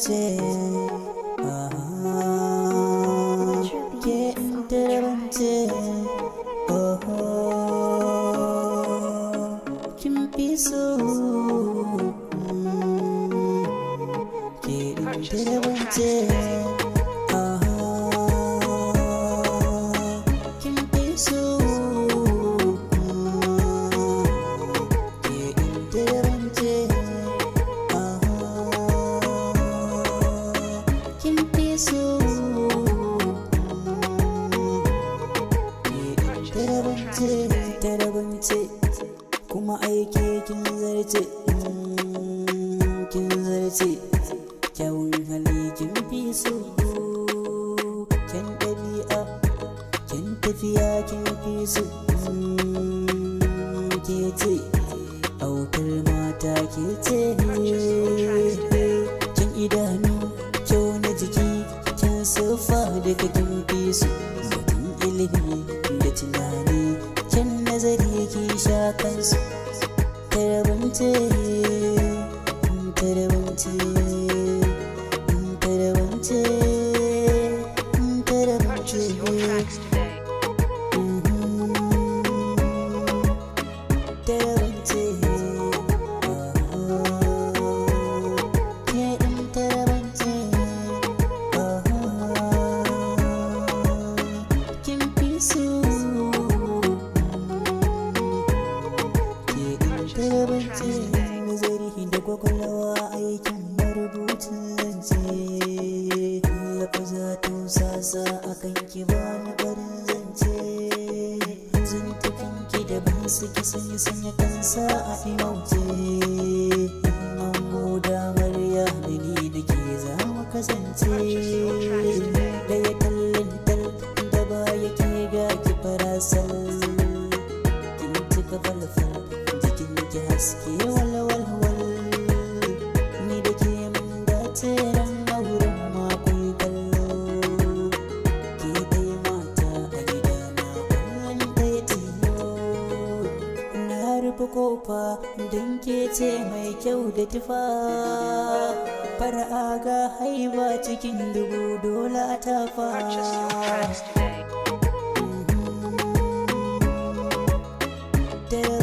ce ke intarance oho kin fi so ta rabance kuma aiki kin zarce mm, kin zarce kyawun hali kin fi so kin ɗabi'a kin tafiya kin fi so mm, ke ce aukar mata ke ce kin idanu kyau na jiki kin siffa da kin fi so ilimi tunani can nazari ke sha kansu tarabance tarabance tarabance tarabance Karabanci nazari da kwakwalawa aikin marubuci zance Lafa za ta sasa akan ki bani barin zance Zantukan ki da ban suke sanya sanya kansa a imauce An goda murya da ni da ke za mu kasance ki haske walwal wal ni da ke mun dace nan auren makon kallo ke dai mata a gida na kullum kai tiyo na rufe kofa don ke ce mai kyau da tufa fara'a ga haiba cikin dubu dola ta fa